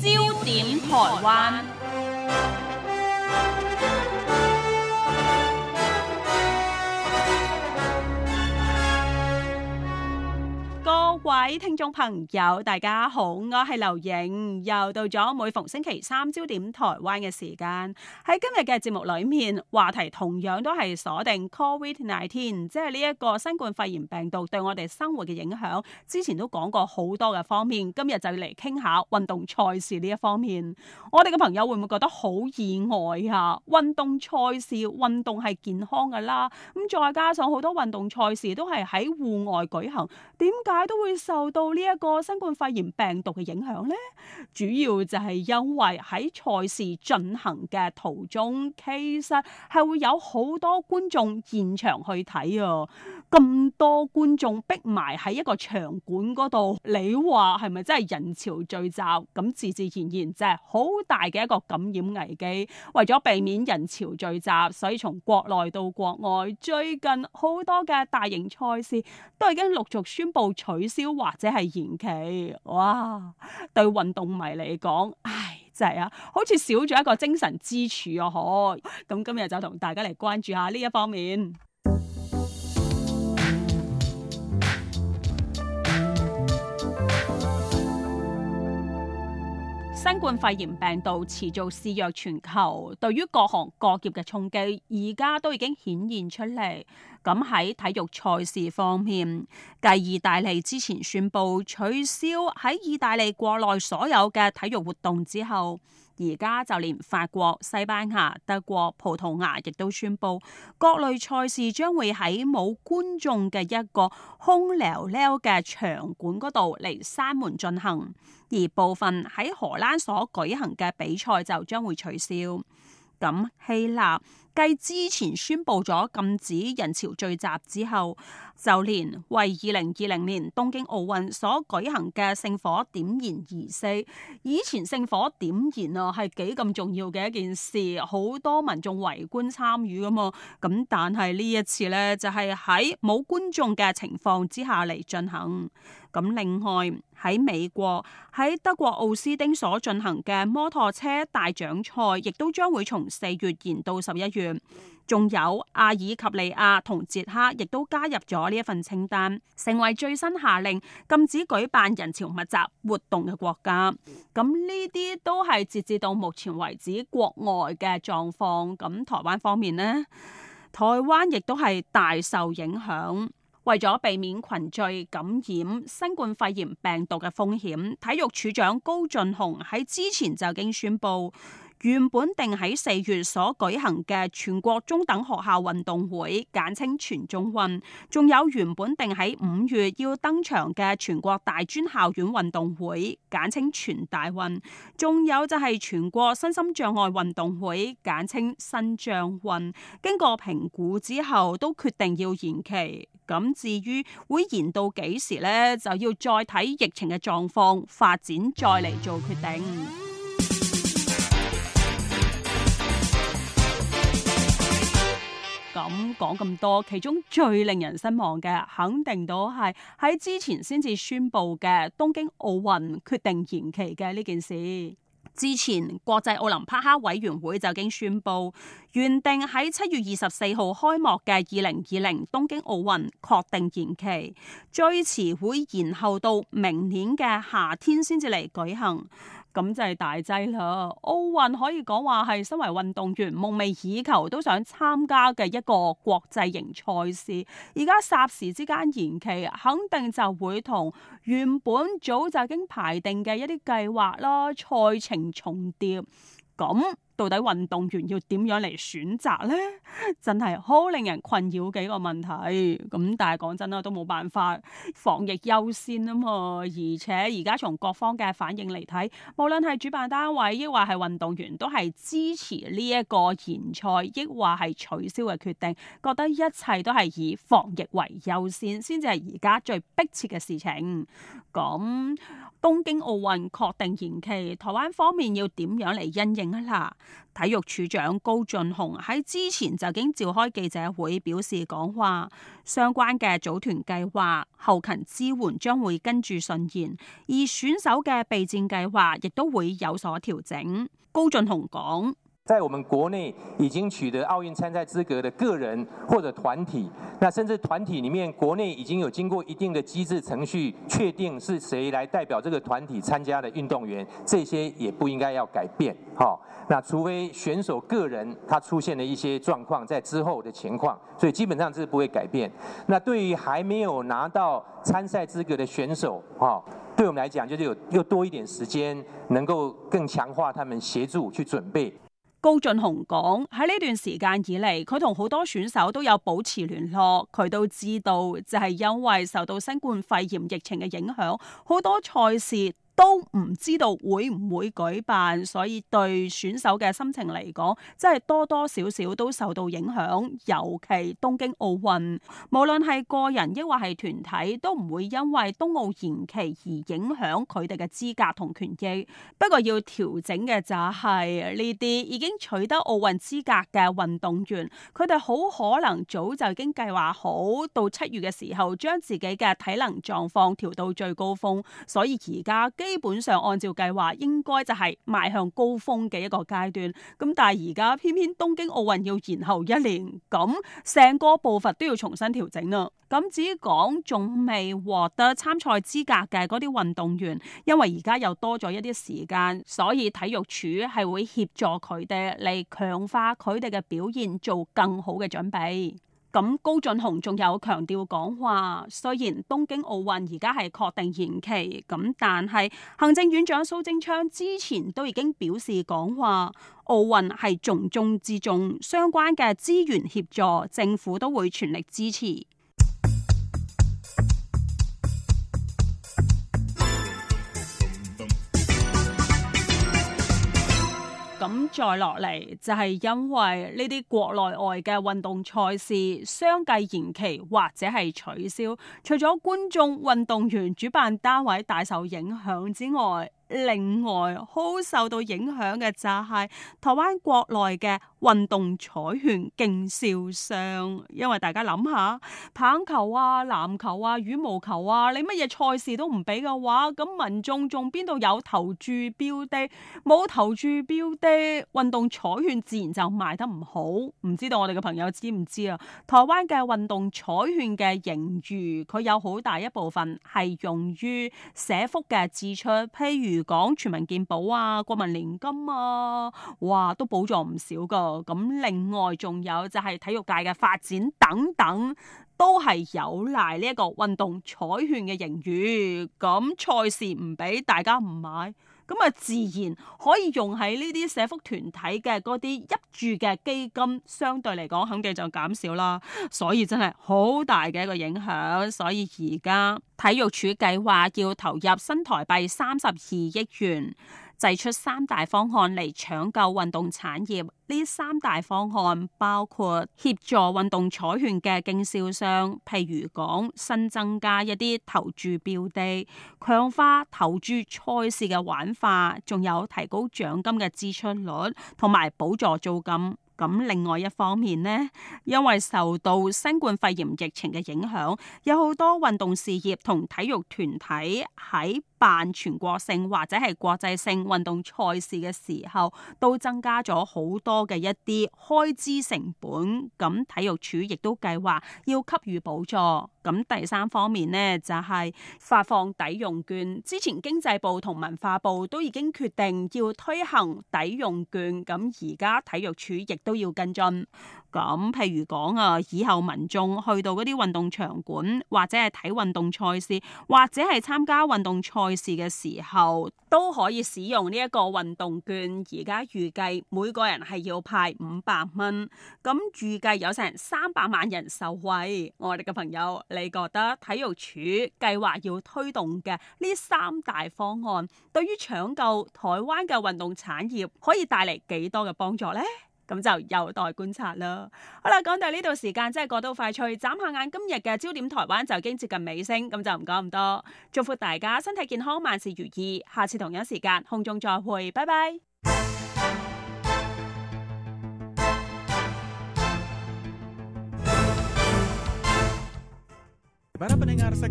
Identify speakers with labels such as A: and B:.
A: 焦點台灣。各位聽眾朋友，大家好，我係劉穎，又到咗每逢星期三焦點台灣嘅時間。喺今日嘅節目裏面，話題同樣都係鎖定 COVID-19，即係呢一個新冠肺炎病毒對我哋生活嘅影響。之前都講過好多嘅方面，今日就要嚟傾下運動賽事呢一方面。我哋嘅朋友會唔會覺得好意外啊？運動賽事，運動係健康噶啦，咁再加上好多運動賽事都係喺戶外舉行，點解都會受？受到呢一個新冠肺炎病毒嘅影響呢，主要就係因為喺賽事進行嘅途中，其實係會有好多觀眾現場去睇啊。咁多觀眾逼埋喺一個場館嗰度，你話係咪真係人潮聚集？咁自自然然就係好大嘅一個感染危機。為咗避免人潮聚集，所以從國內到國外，最近好多嘅大型賽事都已經陸續宣佈取消或者係延期。哇！對運動迷嚟講，唉，真係啊，好似少咗一個精神支柱啊！可咁今日就同大家嚟關注下呢一方面。新冠肺炎病毒持續肆虐全球，對於各行各業嘅衝擊，而家都已經顯現出嚟。咁喺體育賽事方面，繼意大利之前宣布取消喺意大利國內所有嘅體育活動之後。而家就連法國、西班牙、德國、葡萄牙，亦都宣布，各類賽事將會喺冇觀眾嘅一個空寥寥嘅場館嗰度嚟閂門進行，而部分喺荷蘭所舉行嘅比賽就將會取消。咁希臘繼之前宣布咗禁止人潮聚集之後，就連為二零二零年東京奧運所舉行嘅聖火點燃儀式，以前聖火點燃啊係幾咁重要嘅一件事，好多民眾圍觀參與噶嘛。咁但係呢一次呢，就係喺冇觀眾嘅情況之下嚟進行。咁另外。喺美國、喺德國奧斯丁所進行嘅摩托車大獎賽，亦都將會從四月延到十一月。仲有阿爾及利亞同捷克，亦都加入咗呢一份清單，成為最新下令禁止舉辦人潮密集活動嘅國家。咁呢啲都係截至到目前為止國外嘅狀況。咁台灣方面呢？台灣亦都係大受影響。為咗避免群聚感染新冠肺炎病毒嘅風險，體育署長高俊雄喺之前就已經宣布。.原本定喺四月所舉行嘅全國中等學校運動會，簡稱全中運，仲有原本定喺五月要登場嘅全國大專校園運動會，簡稱全大運，仲有就係全國身心障礙運動會，簡稱身障運，經過評估之後都決定要延期。咁至於會延到幾時咧，就要再睇疫情嘅狀況發展，再嚟做決定。咁講咁多，其中最令人失望嘅，肯定都係喺之前先至宣布嘅東京奧運決定延期嘅呢件事。之前國際奧林匹克委員會就已經宣布，原定喺七月二十四號開幕嘅二零二零東京奧運，確定延期，最遲會延後到明年嘅夏天先至嚟舉行。咁就係大劑啦！奧運可以講話係身為運動員夢寐以求都想參加嘅一個國際型賽事，而家霎時之間延期，肯定就會同原本早就已經排定嘅一啲計劃啦、賽程重疊咁。到底運動員要點樣嚟選擇呢？真係好令人困擾嘅一個問題。咁但係講真啦，都冇辦法，防疫優先啊嘛。而且而家從各方嘅反應嚟睇，無論係主辦單位亦或係運動員，都係支持呢一個延賽，亦或係取消嘅決定。覺得一切都係以防疫為優先，先至係而家最迫切嘅事情。咁東京奧運確定延期，台灣方面要點樣嚟因應啊啦？體育署長高俊雄喺之前就已經召開記者會，表示講話相關嘅組團計劃、後勤支援將會跟住順延，而選手嘅備戰計劃亦都會有所調整。高俊雄講。在我們國內已經取得奧運參賽資格的個人或者團體，那甚至團體裏面國內已經有經過一定的機制程序確定是誰來代表這個團體參加的運動員，這些也不應該要改變，好。那除非選手個人他出現了一些狀況，在之後的情況，所以基本上是不會改變。那對於還沒有拿到參賽資格的選手，好，對我們來講就是有又多一點時間，能夠更強化他們協助去準備。高俊雄講喺呢段時間以嚟，佢同好多選手都有保持聯絡，佢都知道就係因為受到新冠肺炎疫情嘅影響，好多賽事，都唔知道會唔會舉辦，所以對選手嘅心情嚟講，即係多多少少都受到影響，尤其東京奧運，無論係個人抑或係團體都唔會因為東奧延期而影響佢哋嘅資格同權益。不過要調整嘅就係呢啲已經取得奧運資格嘅運動員，佢哋好可能早就已經計劃好到七月嘅時候將自己嘅體能狀況調到最高峰。所以而家基本上按照計劃應該就係邁向高峰嘅一個階段。咁但係而家偏偏東京奧運要延後一年，咁成個步伐都要重新調整啊。咁至於講仲未獲得參賽資格嘅嗰啲運動員，因為而家又多咗一啲時間，所以體育署係會協助佢哋嚟強化佢哋嘅表現，做更好嘅準備。咁高俊雄仲有強調講話，雖然東京奧運而家係確定延期，咁但係行政院長蘇貞昌之前都已經表示講話，奧運係重中之重，相關嘅資源協助政府都會全力支持。咁再落嚟就係因為呢啲國內外嘅運動賽事相繼延期或者係取消，除咗觀眾、運動員、主辦單位大受影響之外。另外，好受到影響嘅就係、是、台灣國內嘅運動彩券經銷商，因為大家諗下棒球啊、籃球啊、羽毛球啊，你乜嘢賽事都唔俾嘅話，咁民眾仲邊度有投注標的？冇投注標的，運動彩券自然就賣得唔好。唔知道我哋嘅朋友知唔知啊？台灣嘅運動彩券嘅盈餘，佢有好大一部分係用於社福嘅支出，譬如。講全民健保啊，國民年金啊，哇，都補咗唔少噶。咁另外仲有就係體育界嘅發展等等，都係有賴呢一個運動彩券嘅盈餘。咁賽事唔俾大家唔買。咁啊，自然可以用喺呢啲社福團體嘅嗰啲入住嘅基金，相對嚟講，肯定就減少啦。所以真係好大嘅一個影響。所以而家體育署計劃要投入新台幣三十二億元。制出三大方案嚟搶救運動產業。呢三大方案包括協助運動彩券嘅經銷商，譬如講新增加一啲投注標的、強化投注賽事嘅玩法，仲有提高獎金嘅支出率同埋補助租金。咁另外一方面咧，因為受到新冠肺炎疫情嘅影響，有好多運動事業同體育團體喺辦全國性或者係國際性運動賽事嘅時候，都增加咗好多嘅一啲開支成本。咁體育署亦都計劃要給予補助。咁第三方面咧，就係發放抵用券。之前經濟部同文化部都已經決定要推行抵用券，咁而家體育署亦都。都要跟進。咁，譬如講啊，以後民眾去到嗰啲運動場館，或者係睇運動賽事，或者係參加運動賽事嘅時候，都可以使用呢一個運動券。而家預計每個人係要派五百蚊，咁預計有成三百萬人受惠。我哋嘅朋友，你覺得體育署計劃要推動嘅呢三大方案，對於搶救台灣嘅運動產業，可以帶嚟幾多嘅幫助呢？咁就有待觀察啦。好啦，講到呢度時間真係過到快脆，眨下眼今日嘅焦點台灣就已經接近尾聲，咁就唔講咁多。祝福大家身體健康，萬事如意。下次同樣時間空中再會，拜拜。